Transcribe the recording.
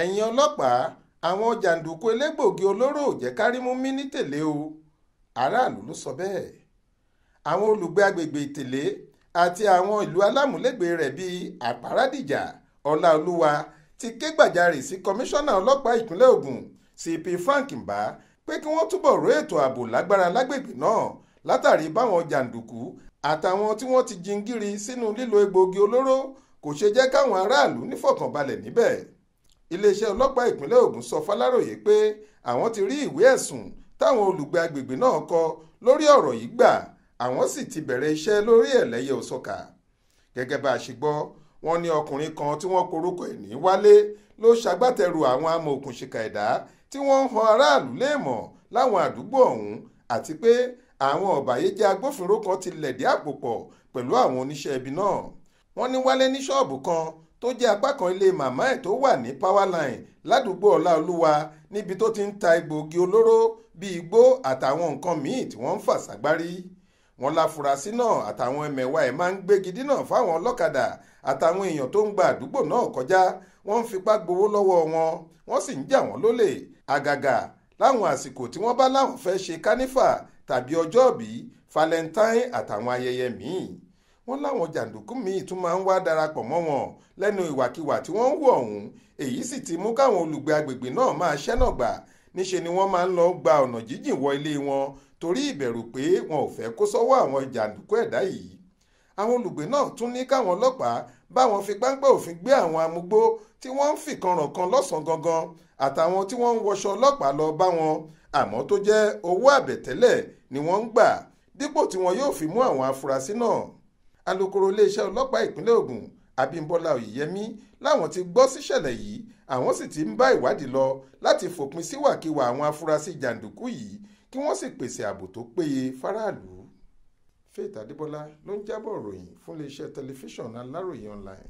ẹ̀yin ọlọ́pàá àwọn jàǹdùkú elégbòogi olóró ò jẹ́ ká rí Múmi ní tèlé o aráàlú ló sọ bẹ́ẹ̀ àwọn olùgbé agbègbè ìtèlé àti àwọn ìlú alámúlégbè rẹ̀ bíi àpárádìjà ọláolúwa ti ké gbàjarè sí kọmíṣánná ọlọ́pàá ìpínlẹ̀ Ògùn CP Frank Mba pé kí wọ́n túbọ̀ ró ètò ààbò lágbára lágbègbè náà látàrí báwọn jàǹdùkú àtàwọn tí wọ́n ti jingiri sínú lílo egbòogi olóró kò ṣe jẹ́ káwọn aráàlú nífọ̀kànbalẹ̀ níbẹ̀ iléeṣẹ́ ọlọ́pàá ìpínlẹ̀ Ògùn sọ fàlàròyé pé àwọn ti rí ìwé ẹ̀sùn táwọn olùgbé agbègbè náà kọ lórí ọ̀rọ̀ yìí gbà àwọn sì ti bẹ̀rẹ̀ iṣẹ́ lórí ẹ̀lẹ́yẹ òsọ̀kà gẹ́gẹ́ bá a ṣe gbọ́ wọ́n ní ọkùnrin kan tí wọ́n korúkọ ẹ̀ ní Wálé ló ṣagbátẹrù àwọn amòòkùnṣìkà ẹ̀dá tí wọ́n ń han aráàlú léèmọ̀ láwọn àdúgbò ọ̀hún àti pé àwọn ọ̀bàyéjẹ́ agbófinró kan ti lẹ̀dí àpò pọ̀ pẹ̀lú àwọn oníṣẹ́ ibi náà wọ́n ní Wálé ní ṣọ́ọ̀bù kan tó jẹ́ apá kan ilé màmá ẹ̀ tó wà ní powerline ládùúgbò ọláolúwa níbi tó ti ń ta egbòogi olóró bíi igbó àtàwọn nǹkan míì tí wọ́n ń fà ságbárí wọn láfurasí náà àtàwọn ẹmẹ̀wà ẹ̀ máa ń gbégi dínà fáwọn ọlọ́kadà àtàwọn èèyàn tó ń gba àdúgbò náà kọjá wọ́n ń fipá gbowó lọ́wọ́ wọn wọ́n sì ń jà wọ́n lólè àgàgà láwọn àsìkò tí wọ́n bá láwọn fẹ́ ṣe kánífà tàbí ọjọ́òbí valentine àtàwọn ayẹyẹ míì wọ́n láwọn jàǹdùkú míì tún máa ń wá darapọ̀ mọ́ wọn lẹ́nu ìwàkiwà tí wọ́n ń wọ̀ ọ̀hún èyí sì ti mú káwọn olùgbé agbègbè náà máa ṣẹ́nà gbà níṣe ni wọ́n máa ń lọ gba ọ̀nà jíjìn wọ ilé wọn torí ìbẹ̀rù pé wọn ò fẹ́ kó sọ́wọ́ àwọn jàǹdùkú ẹ̀dá yìí àwọn olùgbé náà tún ní káwọn ọlọ́pàá bá wọn fi páńpẹ́ òfin gbé àwọn amúgbó tí wọ́n ń fìkanràn kan lọ́sàn-án gangan àtàwọn tí wọ́n ń wọṣọ ọlọ́pàá lọ bá wọn àmọ́ tó jẹ́ owó àbẹ̀tẹ́lẹ̀ ni wọ́n ń gbà dípò tí wọn yóò fi mú àwọn afurasí náà alukoro iléeṣẹ́ ọlọ́pàá ìpínlẹ̀ Ògùn Abímbọ́lá Oyèyẹmí láwọn ti gbọ́ síṣẹ̀lẹ̀ yìí àwọn sì ti ń bá ìwádìí lọ láti fòpin síwàkiwà àwọn afurasí jàǹdùkú yìí kí wọ́n sì pèsè ààbò tó péye fáráàlú. Faith Adébọ́lá ló ń jábọ̀ ròyìn fún iléeṣẹ́ tẹlifíṣàn Aláròyé online.